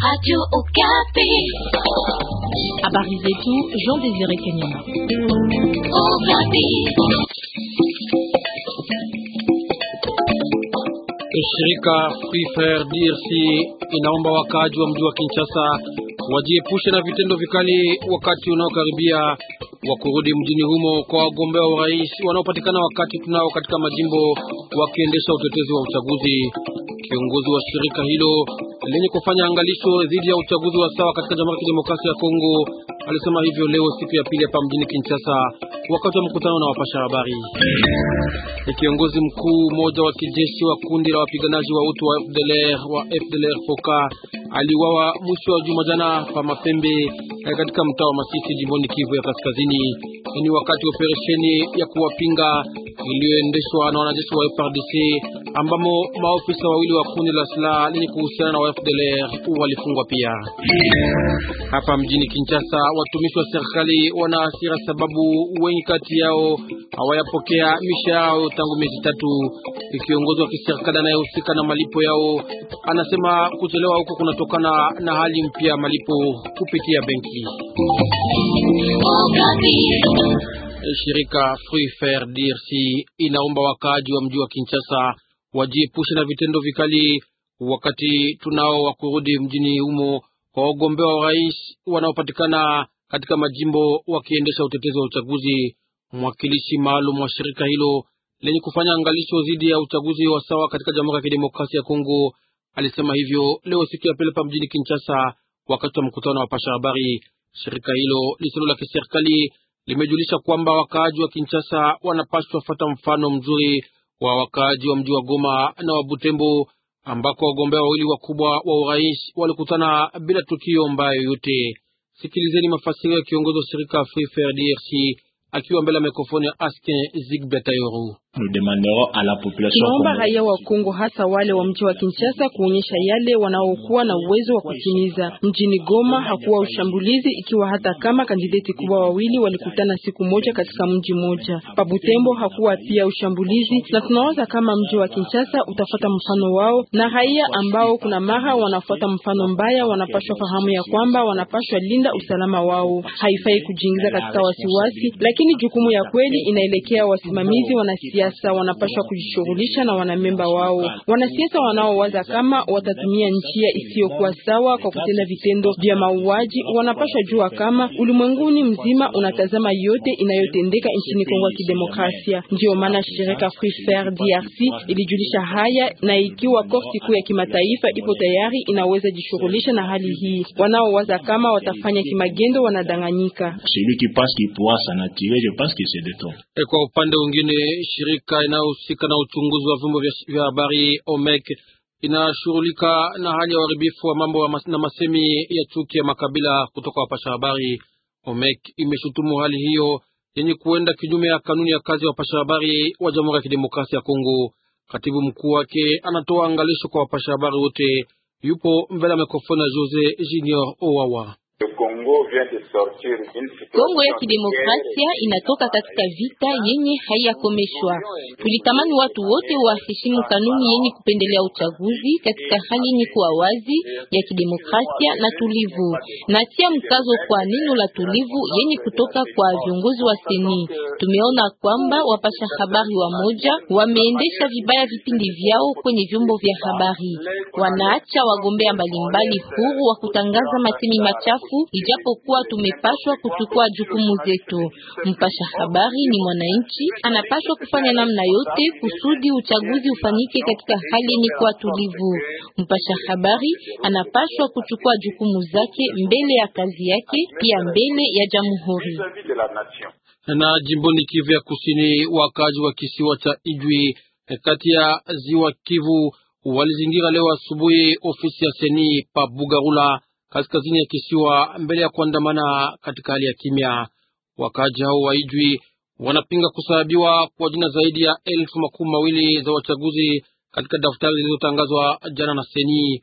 Radio Okapi. Habari zetu Jean Désiré Kanyama. Okapi. Shirika Free Fire DRC inaomba wakaaji wa mji wa Kinshasa wajiepushe na vitendo vikali wakati unaokaribia wa kurudi mjini humo kwa wagombea wa urais wanaopatikana wakati tunao katika majimbo wakiendesha utetezi wa uchaguzi. Kiongozi wa shirika hilo lenye kufanya angalisho dhidi ya uchaguzi wa sawa katika Jamhuri ya Kidemokrasia ya Kongo alisema hivyo leo siku ya pili hapa mjini Kinshasa wakati wa mkutano na wapasha habari. Kiongozi mkuu mmoja wa kijeshi wa kundi la wapiganaji wa utu wa FDLR wa FDLR Foka aliuawa mwisho wa juma jana pa Mapembe eh, katika mtaa wa Masisi jimboni Kivu ya Kaskazini. Ni wakati operesheni ya kuwapinga iliyoendeshwa na wanajeshi wa FARDC ambamo maofisa wawili wa kundi la silaha lenye kuhusiana na wa FDLR walifungwa pia. Hapa mjini Kinshasa, watumishi wa serikali wana hasira sababu wengi kati yao hawayapokea mishahara yao tangu miezi tatu. Kiongozi wa kiserikali anayehusika na malipo yao anasema kutolewa huko kunatokana na hali mpya malipo kupitia benki. Shirika Free Fair DRC inaomba wakaaji wa mji wa Kinshasa wajiepushe na vitendo vikali wakati tunao wa kurudi mjini humo kwa wagombea wa urais wanaopatikana katika majimbo wakiendesha utetezi wa uchaguzi. Mwakilishi maalum wa shirika hilo lenye kufanya angalisho dhidi ya uchaguzi wa sawa katika Jamhuri ya Kidemokrasia ya Kongo alisema hivyo leo siku ya pili pa mjini Kinshasa wakati wa mkutano wa pasha habari. Shirika hilo lisilo la kiserikali limejulisha kwamba wakaaji wa Kinshasa wanapaswa fata mfano mzuri wa wakaaji wa mji wa Goma na wa Butembo ambako wagombea wawili wakubwa wa urais walikutana bila tukio mbaya yoyote. Sikilizeni mafasiri ya kiongozi wa shirika Free FAIR DRC akiwa mbele ya mikrofoni ya Askin Zigbetayoru. Tunaomba raia wa Kongo hasa wale wa mji wa Kinshasa kuonyesha yale wanaokuwa na uwezo wa kutimiza. Mjini Goma hakuwa ushambulizi, ikiwa hata kama kandideti kubwa wawili walikutana siku moja katika mji mmoja. Pabutembo hakuwa pia ushambulizi, na tunawaza kama mji wa Kinshasa utafata mfano wao, na raia ambao kuna mara wanafuata mfano mbaya wanapashwa fahamu ya kwamba wanapashwa linda usalama wao. Haifai kujiingiza katika wasiwasi, lakini jukumu ya kweli inaelekea wasimamizi wanasi wanasiasa wanapashwa kujishughulisha na wanamemba wao. Wanasiasa wanaowaza kama watatumia njia isiyokuwa sawa kwa kutenda vitendo vya mauaji wanapashwa jua kama ulimwenguni mzima unatazama yote inayotendeka nchini Kongo ya Kidemokrasia. Ndiyo maana shirika Free Fair DRC ilijulisha haya, na ikiwa korti kuu ya kimataifa ipo tayari, inaweza jishughulisha na hali hii. Wanaowaza kama watafanya kimagendo wanadanganyika. Eh, kwa upande mwingine shirika inayohusika na uchunguzi wa vyombo vya habari OMEC inashughulika na hali ya uharibifu wa mambo na masemi ya chuki ya makabila kutoka wapasha habari. OMEC imeshutumu hali hiyo yenye kuenda kinyume ya kanuni ya kazi ya wapasha habari wa Jamhuri ya Kidemokrasia ya Kongo. Katibu mkuu wake anatoa angalisho kwa wapasha habari wote, yupo mbele ya mikrofoni ya Jose Junior Owawa. Kongo ya Kidemokrasia inatoka katika vita yenye haiyakomeshwa. Tulitamani watu wote waheshimu kanuni yenye kupendelea uchaguzi katika hali yenye kuwa wazi ya kidemokrasia na tulivu. Natia mkazo kwa neno la tulivu yenye kutoka kwa viongozi wa seni. Tumeona kwamba wapasha habari wa moja wameendesha vibaya vipindi vyao kwenye vyombo vya habari, wanaacha wagombea mbalimbali huru wa kutangaza matemi machafu ijapo ijapokuwa tumepashwa kuchukua jukumu zetu. Mpasha habari ni mwananchi, anapashwa kufanya namna yote kusudi uchaguzi ufanyike katika hali ni kwa tulivu. Mpasha habari anapashwa kuchukua jukumu zake mbele ya kazi yake, pia mbele ya jamhuri. Na jimboni Kivu ya Kusini, wakaji wa kisiwa cha Ijwi kati ya ziwa Kivu walizingira leo asubuhi ofisi ya seni pa Bugarula kaskazini ya kisiwa mbele ya kuandamana katika hali ya kimya. Wakaji hao waijwi wanapinga kusababiwa kwa jina zaidi ya elfu makumi mawili za wachaguzi katika daftari zilizotangazwa jana na Seni.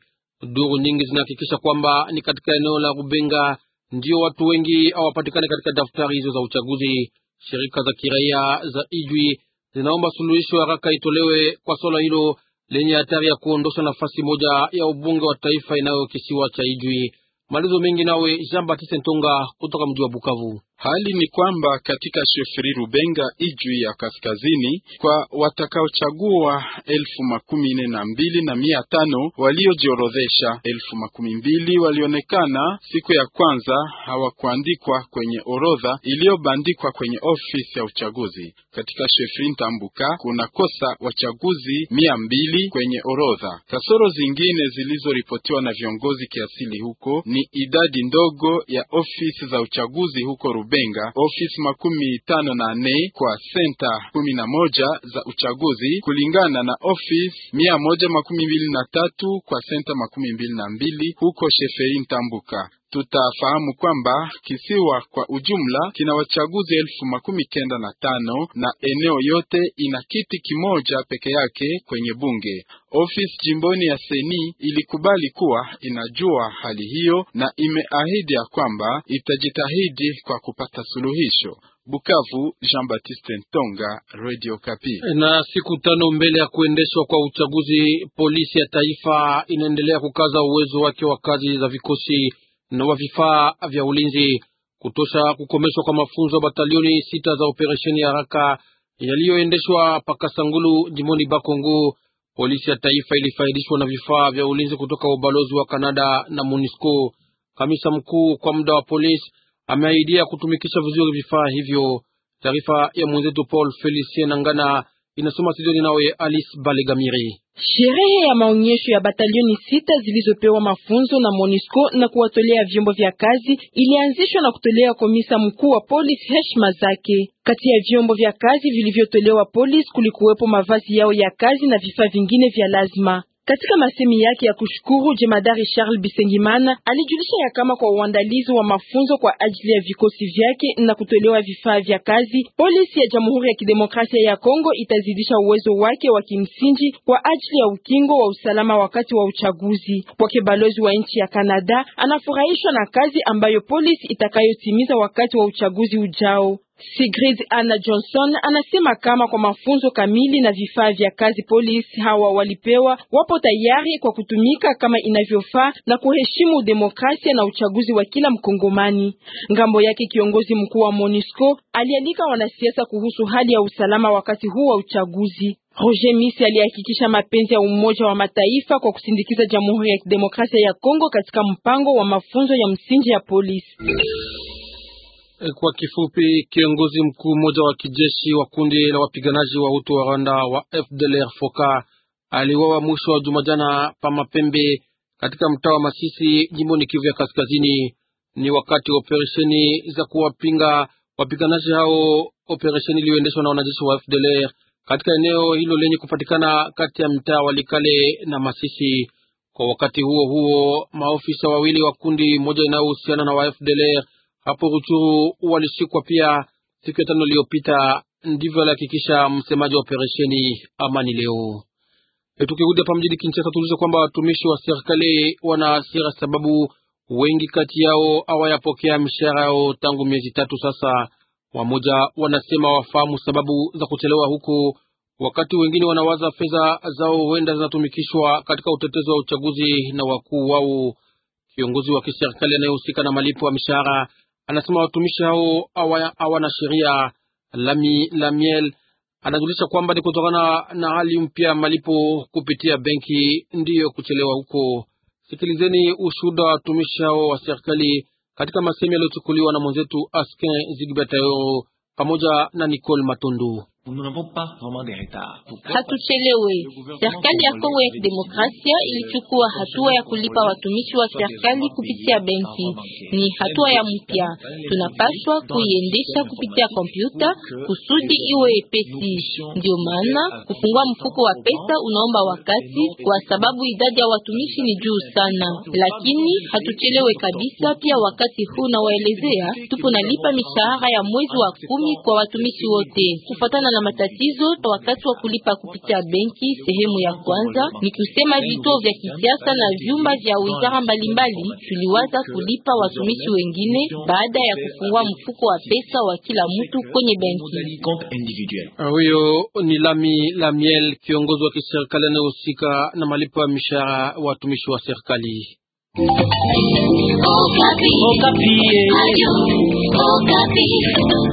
Duru nyingi zinahakikisha kwamba ni katika eneo la Rubenga ndio watu wengi hawapatikani katika daftari hizo za uchaguzi. Shirika za kiraia za Ijwi zinaomba suluhisho haraka itolewe kwa swala hilo lenye hatari ya kuondosha nafasi moja ya ubunge wa taifa inayo kisiwa cha Ijwi. Malizo mengi nawe Jean Baptiste Ntonga kutoka mji wa Bukavu. Hali ni kwamba katika Shefri Rubenga Ijwi ya kaskazini kwa watakaochagua elfu makumi nne na mbili na mia tano waliojiorodhesha, elfu makumi mbili walionekana siku ya kwanza hawakuandikwa kwenye orodha iliyobandikwa kwenye ofisi ya uchaguzi. Katika Shefri Ntambuka kuna kosa wachaguzi mia mbili kwenye orodha. Kasoro zingine zilizoripotiwa na viongozi kiasili huko ni idadi ndogo ya ofisi za uchaguzi huko Rubenga. Lubenga, ofisi makumi tano na nne kwa senta kumi na moja za uchaguzi kulingana na ofisi mia moja makumi mbili na tatu kwa senta makumi mbili na mbili huko Sheferi Ntambuka. Tutafahamu kwamba kisiwa kwa ujumla kina wachaguzi elfu makumi kenda na tano na eneo yote ina kiti kimoja peke yake kwenye bunge. Ofisi jimboni ya Seni ilikubali kuwa inajua hali hiyo na imeahidi ya kwamba itajitahidi kwa kupata suluhisho. Bukavu, Jean-Baptiste Ntonga, Radio Kapi. Na siku tano mbele ya kuendeshwa kwa uchaguzi, polisi ya taifa inaendelea kukaza uwezo wake wa kazi za vikosi na wa vifaa vya ulinzi kutosha kukomeshwa kwa mafunzo ya batalioni sita za operesheni ya haraka yaliyoendeshwa Pakasangulu jimoni Bakongo. Polisi ya taifa ilifaidishwa na vifaa vya ulinzi kutoka ubalozi wa Kanada na MONUSCO. Kamisa mkuu kwa muda wa polisi ameahidia kutumikisha vizuri vifaa hivyo. Taarifa ya mwenzetu Paul Felicien Nangana inasoma studioni nawe Alice Balegamiri. Sherehe ya maonyesho ya batalioni sita zilizopewa mafunzo na Monisco na kuwatolea vyombo vya kazi ilianzishwa na kutolea komisa mkuu wa polisi heshima zake. Kati ya vyombo vya kazi vilivyotolewa polisi kulikuwepo mavazi yao ya kazi na vifaa vingine vya lazima. Katika masemi yake ya kushukuru, jemadari Charles Bisengimana alijulisha ya kama kwa uandalizi wa mafunzo kwa ajili ya vikosi vyake na kutolewa vifaa vya kazi, polisi ya Jamhuri ya Kidemokrasia ya Kongo itazidisha uwezo wake wa kimsingi kwa ajili ya ukingo wa usalama wakati wa uchaguzi. Kwake balozi wa nchi ya Kanada, anafurahishwa na kazi ambayo polisi itakayotimiza wakati wa uchaguzi ujao. Sigrid Anna Johnson anasema kama kwa mafunzo kamili na vifaa vya kazi polisi hawa walipewa, wapo tayari kwa kutumika kama inavyofaa na kuheshimu demokrasia na uchaguzi wa kila Mkongomani. Ngambo yake, kiongozi mkuu wa MONUSCO alialika wanasiasa kuhusu hali ya usalama wakati huu wa uchaguzi. Roger Misi alihakikisha mapenzi ya Umoja wa Mataifa kwa kusindikiza Jamhuri ya Kidemokrasia ya Kongo katika mpango wa mafunzo ya msingi ya polisi. Eh, kwa kifupi, kiongozi mkuu mmoja wa kijeshi wa kundi la wapiganaji wa utu wa Rwanda wa FDLR Foka aliwawa mwisho wa juma jana pa Mapembe katika mtaa wa Masisi jimbo ni Kivu ya Kaskazini. Ni wakati wa operesheni za kuwapinga wapiganaji hao, operesheni iliyoendeshwa na wanajeshi wa FDLR katika eneo hilo lenye kupatikana kati ya mtaa wa Likale na Masisi. Kwa wakati huo huo, maofisa wawili wa kundi moja inayohusiana na wa FDLR hapo Ruchuru walishikwa pia siku ya tano iliyopita. Ndivyo alihakikisha msemaji wa operesheni Amani leo. E, tukirudi hapa mjini Kinshasa, tuulize kwamba watumishi wa serikali wana hasira sababu wengi kati yao hawayapokea mishahara yao tangu miezi tatu sasa. Wamoja wanasema wafahamu sababu za kuchelewa huko, wakati wengine wanawaza fedha zao huenda zinatumikishwa katika utetezi wa uchaguzi na wakuu wao. Kiongozi wa kiserikali anayehusika na malipo ya mishahara anasema watumishi hao hawana sheria. Lami Lamiel anajulisha kwamba ni kutokana na hali mpya malipo kupitia benki ndiyo kuchelewa huko. Sikilizeni ushuhuda wa watumishi hao wa serikali katika masemi yaliyochukuliwa na mwenzetu Askin Zigbatayo pamoja na Nicole Matundu hatuchelewe Serikali ya Kongo ya Kidemokrasia ilichukua hatua ya kulipa watumishi wa serikali kupitia benki. Ni hatua ya mpya, tunapaswa kuiendesha kupitia kompyuta kusudi iwe epesi. Ndio maana kufungua mfuko wa pesa unaomba wakati, kwa sababu idadi ya watumishi ni juu sana, lakini hatuchelewe kabisa. Pia wakati huu nawaelezea, tupo nalipa mishahara ya mwezi wa kumi kwa watumishi wote kufuatana na matatizo wakati wa kulipa kupitia benki. Sehemu ya kwanza ni kusema vituo vya kisiasa na vyumba vya wizara mbalimbali tuliwaza kulipa watumishi wengine baada ya kufungua mfuko wa pesa wa kila mtu kwenye benki. Ah, huyo ni Lami Lamiel, kiongozi wa kiserikali anayehusika na malipo ya mishahara watumishi wa serikali. Okapi. Oh, Okapi. Oh,